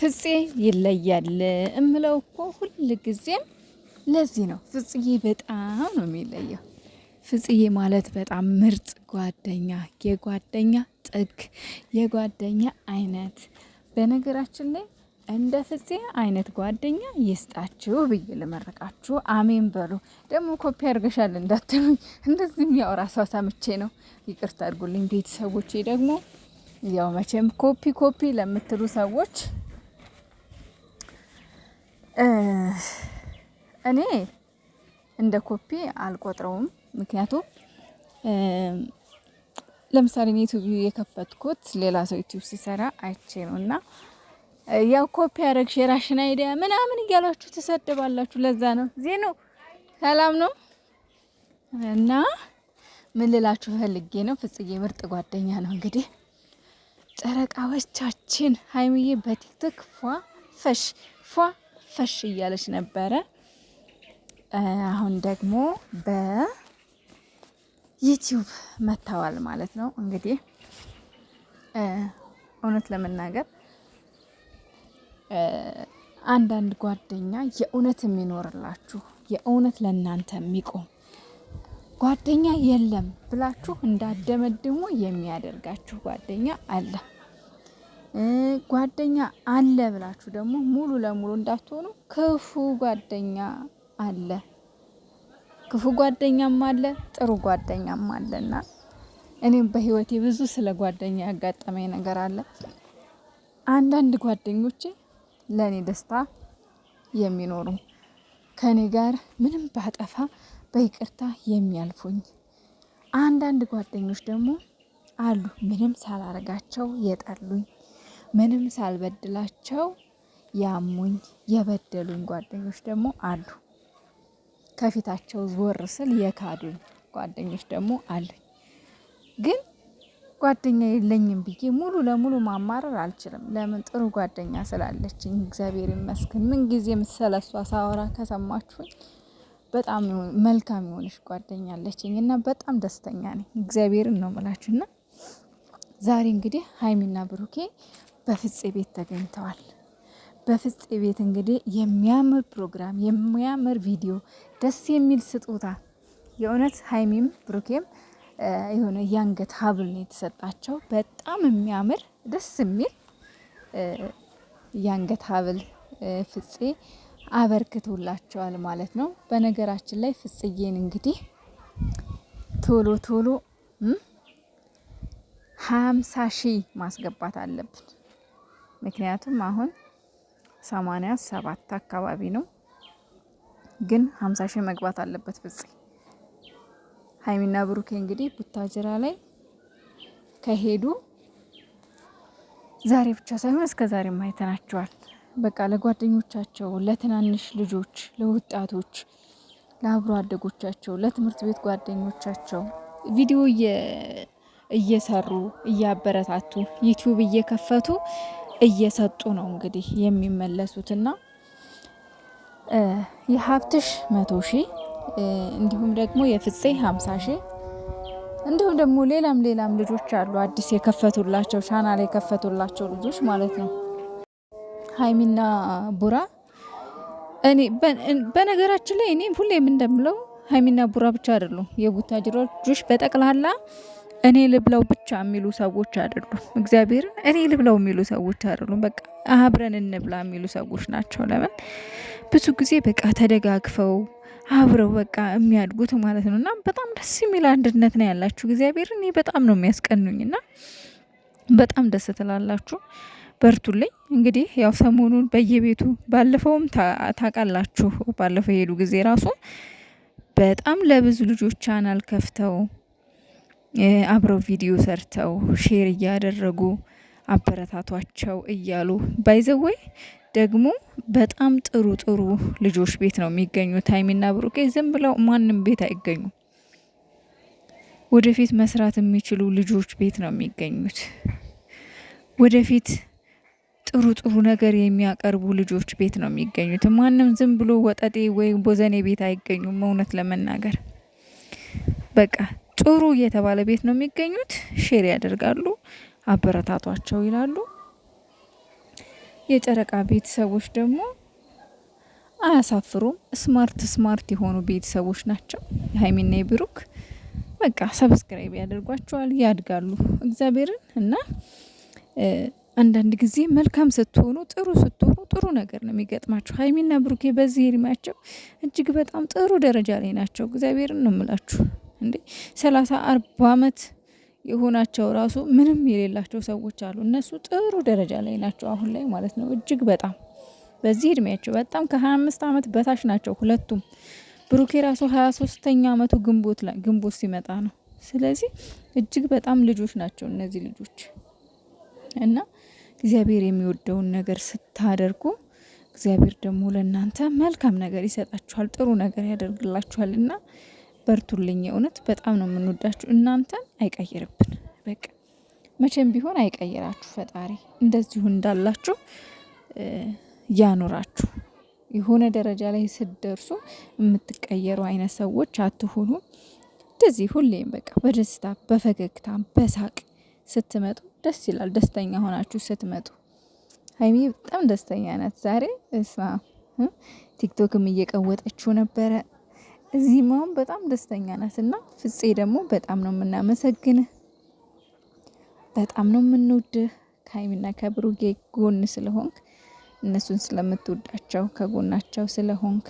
ፍፄ ይለያል እምለው እኮ ሁል ጊዜም ለዚህ ነው። ፍጽዬ በጣም ነው የሚለየው። ፍጽዬ ማለት በጣም ምርጥ ጓደኛ፣ የጓደኛ ጥግ፣ የጓደኛ አይነት። በነገራችን ላይ እንደ ፍጽዬ አይነት ጓደኛ ይስጣችሁ ብዬ ልመረቃችሁ። አሜን በሉ። ደግሞ ኮፒ አድርገሻል እንዳትሉኝ፣ እንደዚህ የሚያወራ ሰው ሰምቼ ነው። ይቅርታ አድርጉልኝ ቤተሰቦቼ። ደግሞ ያው መቼም ኮፒ ኮፒ ለምትሉ ሰዎች እኔ እንደ ኮፒ አልቆጥረውም። ምክንያቱም ለምሳሌ እኔ ዩቲዩብ የከፈትኩት ሌላ ሰው ዩቲዩብ ሲሰራ አይቼ ነው እና ያው ኮፒ ያደረግሽ የራሽን አይዲያ ምናምን እያሏችሁ ትሰድባላችሁ። ለዛ ነው ዜኑ ሰላም ነው እና ምን ልላችሁ ፈልጌ ነው። ፍጽዬ ምርጥ ጓደኛ ነው። እንግዲህ ጨረቃዎቻችን ሀይሚዬ በቲክቶክ ፏ ፈሽ ፏ ፈሽ እያለች ነበረ። አሁን ደግሞ በዩቲዩብ መጥተዋል ማለት ነው። እንግዲህ እውነት ለመናገር አንዳንድ ጓደኛ የእውነት የሚኖርላችሁ የእውነት ለእናንተ የሚቆም ጓደኛ የለም ብላችሁ እንዳደመድሞ የሚያደርጋችሁ ጓደኛ አለ። ጓደኛ አለ ብላችሁ ደግሞ ሙሉ ለሙሉ እንዳትሆኑ። ክፉ ጓደኛ አለ፣ ክፉ ጓደኛም አለ፣ ጥሩ ጓደኛም አለና እኔም በህይወቴ ብዙ ስለ ጓደኛ ያጋጠመኝ ነገር አለ። አንዳንድ ጓደኞቼ ለእኔ ደስታ የሚኖሩ ከእኔ ጋር ምንም ባጠፋ በይቅርታ የሚያልፉኝ፣ አንዳንድ ጓደኞች ደግሞ አሉ ምንም ሳላረጋቸው የጠሉኝ ምንም ሳልበድላቸው ያሙኝ የበደሉኝ ጓደኞች ደግሞ አሉ። ከፊታቸው ዞር ስል የካዱኝ ጓደኞች ደግሞ አሉኝ። ግን ጓደኛ የለኝም ብዬ ሙሉ ለሙሉ ማማረር አልችልም። ለምን ጥሩ ጓደኛ ስላለችኝ እግዚአብሔር ይመስገን። ምንጊዜም ጊዜም ስለሷ ሳወራ ከሰማችሁኝ በጣም መልካም የሆነች ጓደኛ አለችኝ እና በጣም ደስተኛ ነኝ። እግዚአብሔርን ነው ምላችሁና ዛሬ እንግዲህ ሀይሚና ብሩኬ በፍፄ ቤት ተገኝተዋል። በፍፄ ቤት እንግዲህ የሚያምር ፕሮግራም፣ የሚያምር ቪዲዮ፣ ደስ የሚል ስጦታ የእውነት ሀይሚም ብሩኬም የሆነ የአንገት ሀብል ነው የተሰጣቸው። በጣም የሚያምር ደስ የሚል የአንገት ሀብል ፍፄ አበርክቶላቸዋል ማለት ነው። በነገራችን ላይ ፍጽዬን እንግዲህ ቶሎ ቶሎ ሀምሳ ሺህ ማስገባት አለብን። ምክንያቱም አሁን ሰማንያ ሰባት አካባቢ ነው፣ ግን ሀምሳ ሺህ መግባት አለበት ፍፄ። ሀይሚና ብሩኬ እንግዲህ ቡታጅራ ላይ ከሄዱ ዛሬ ብቻ ሳይሆን እስከ ዛሬ ማይተናቸዋል። በቃ ለጓደኞቻቸው፣ ለትናንሽ ልጆች፣ ለወጣቶች፣ ለአብሮ አደጎቻቸው፣ ለትምህርት ቤት ጓደኞቻቸው ቪዲዮ እየሰሩ እያበረታቱ ዩቲዩብ እየከፈቱ እየሰጡ ነው እንግዲህ የሚመለሱትና የሀብትሽ መቶ ሺህ እንዲሁም ደግሞ የፍጼ ሀምሳ ሺህ እንዲሁም ደግሞ ሌላም ሌላም ልጆች አሉ አዲስ የከፈቱላቸው ቻናል የከፈቱላቸው ልጆች ማለት ነው። ሀይሚና ቡራ እኔ በነገራችን ላይ እኔ ሁሌም እንደምለው ሀይሚና ቡራ ብቻ አይደሉም የቡታጅሮች በጠቅላላ እኔ ልብላው ብቻ የሚሉ ሰዎች አይደሉም። እግዚአብሔር እኔ ልብላው የሚሉ ሰዎች አይደሉም። በቃ አብረን እንብላ የሚሉ ሰዎች ናቸው። ለምን ብዙ ጊዜ በቃ ተደጋግፈው አብረው በቃ የሚያድጉት ማለት ነው። እና በጣም ደስ የሚል አንድነት ነው ያላችሁ። እግዚአብሔር እኔ በጣም ነው የሚያስቀኑኝ እና በጣም ደስ ትላላችሁ። በርቱልኝ። እንግዲህ ያው ሰሞኑን በየቤቱ ባለፈውም ታውቃላችሁ፣ ባለፈው የሄዱ ጊዜ ራሱ በጣም ለብዙ ልጆች ቻናል ከፍተው አብረው ቪዲዮ ሰርተው ሼር እያደረጉ አበረታቷቸው እያሉ ባይዘወይ ደግሞ በጣም ጥሩ ጥሩ ልጆች ቤት ነው የሚገኙት። ሀይሚና ብሩኬ ዝም ብለው ማንም ቤት አይገኙም። ወደፊት መስራት የሚችሉ ልጆች ቤት ነው የሚገኙት። ወደፊት ጥሩ ጥሩ ነገር የሚያቀርቡ ልጆች ቤት ነው የሚገኙት። ማንም ዝም ብሎ ወጠጤ ወይም ቦዘኔ ቤት አይገኙም። እውነት ለመናገር በቃ ጥሩ እየተባለ ቤት ነው የሚገኙት። ሼር ያደርጋሉ፣ አበረታቷቸው ይላሉ። የጨረቃ ቤተሰቦች ደግሞ አያሳፍሩም። ስማርት ስማርት የሆኑ ቤተሰቦች ናቸው። ሀይሚና ብሩክ በቃ ሰብስክራይብ ያደርጓቸዋል፣ ያድጋሉ። እግዚአብሔርን እና አንዳንድ ጊዜ መልካም ስትሆኑ ጥሩ ስትሆኑ ጥሩ ነገር ነው የሚገጥማቸው። ሀይሚና ብሩኬ በዚህ እድሜያቸው እጅግ በጣም ጥሩ ደረጃ ላይ ናቸው። እግዚአብሔርን ነው የምላችሁ። እንዴ ሰላሳ አርባ ዓመት የሆናቸው ራሱ ምንም የሌላቸው ሰዎች አሉ። እነሱ ጥሩ ደረጃ ላይ ናቸው አሁን ላይ ማለት ነው። እጅግ በጣም በዚህ እድሜያቸው በጣም ከሀያ አምስት ዓመት በታች ናቸው ሁለቱም። ብሩኬ ራሱ ሀያ ሶስተኛ አመቱ ግንቦት ላይ ግንቦት ሲመጣ ነው። ስለዚህ እጅግ በጣም ልጆች ናቸው እነዚህ ልጆች እና እግዚአብሔር የሚወደውን ነገር ስታደርጉ እግዚአብሔር ደግሞ ለእናንተ መልካም ነገር ይሰጣችኋል፣ ጥሩ ነገር ያደርግላችኋል እና በርቱልኝ። የእውነት በጣም ነው የምንወዳችሁ። እናንተን አይቀይርብን፣ በቃ መቼም ቢሆን አይቀይራችሁ ፈጣሪ። እንደዚሁ እንዳላችሁ ያኖራችሁ። የሆነ ደረጃ ላይ ስትደርሱ የምትቀየሩ አይነት ሰዎች አትሆኑ። እንደዚህ ሁሌም በቃ በደስታ በፈገግታ በሳቅ ስትመጡ ደስ ይላል። ደስተኛ ሆናችሁ ስትመጡ ሀይሚ በጣም ደስተኛ ናት ዛሬ። እሷ ቲክቶክም እየቀወጠችው ነበረ። እዚህ አሁን በጣም ደስተኛ ናት እና ፍፄ ደግሞ በጣም ነው የምናመሰግንህ፣ በጣም ነው የምንወድህ ከሀይሚና ከብሩጌ ጎን ስለሆንክ እነሱን ስለምትወዳቸው ከጎናቸው ስለሆንክ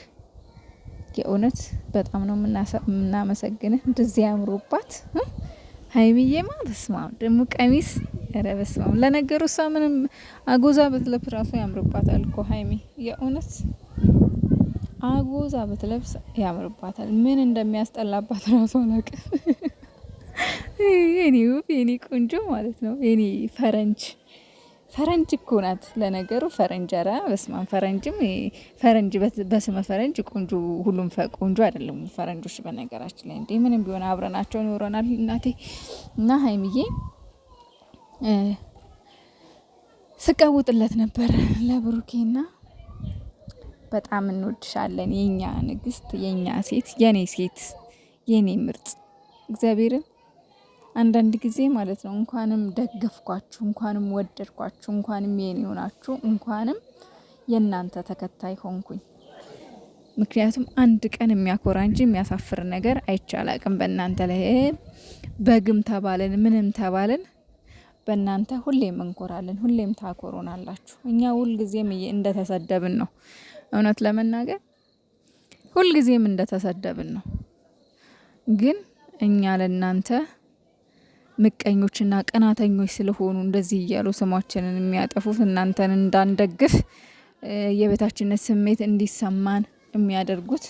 የእውነት በጣም ነው የምናመሰግንህ። እንደዚህ ያምሮባት ሀይሚዬማ በስማም ደግሞ ቀሚስ ረ በስማም። ለነገሩ እሷ ምንም አጎዛ ብትለብስ ራሱ ያምርባታል እኮ ሀይሚ የእውነት አጎዛ ብትለብስ ያምርባታል። ምን እንደሚያስጠላባት ራሷ አላውቅም። የኔ ውብ የኔ ቆንጆ ማለት ነው። የኔ ፈረንጅ ፈረንጅ እኮ ናት ለነገሩ። ፈረንጅ በስማን ፈረንጅም ፈረንጅ በስመ ፈረንጅ ቆንጆ ሁሉም ቆንጆ አይደለም ፈረንጆች። በነገራችን ላይ እንዴ ምንም ቢሆን አብረናቸው ይኖረናል እናቴ እና ሀይሚዬ ስቀውጥለት ነበር ለብሩኬና በጣም እንወድሻለን የኛ ንግስት፣ የኛ ሴት፣ የኔ ሴት፣ የኔ ምርጥ። እግዚአብሔርን አንዳንድ ጊዜ ማለት ነው እንኳንም ደገፍኳችሁ፣ እንኳንም ወደድኳችሁ፣ እንኳንም የኔ ሆናችሁ፣ እንኳንም የእናንተ ተከታይ ሆንኩኝ። ምክንያቱም አንድ ቀን የሚያኮራ እንጂ የሚያሳፍር ነገር አይቻላቅም በእናንተ ላይ በግም ተባለን ምንም ተባለን በእናንተ ሁሌም እንኮራለን። ሁሌም ታኮሩናላችሁ። እኛ ሁልጊዜም እንደተሰደብን ነው። እውነት ለመናገር ሁልጊዜም እንደተሰደብን ነው። ግን እኛ ለእናንተ ምቀኞችና ቀናተኞች ስለሆኑ እንደዚህ እያሉ ስማችንን የሚያጠፉት እናንተን እንዳንደግፍ የበታችነት ስሜት እንዲሰማን የሚያደርጉት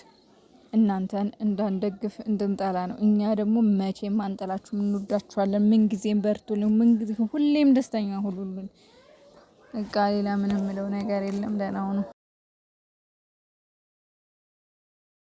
እናንተን እንዳንደግፍ እንድንጠላ ነው። እኛ ደግሞ መቼም አንጠላችሁም፣ እንወዳችኋለን። ምንጊዜም በርቱልን፣ ምንጊዜ ሁሌም ደስተኛ ሁሉልን። እቃ ሌላ ምንም ምለው ነገር የለም። ደህና ነው።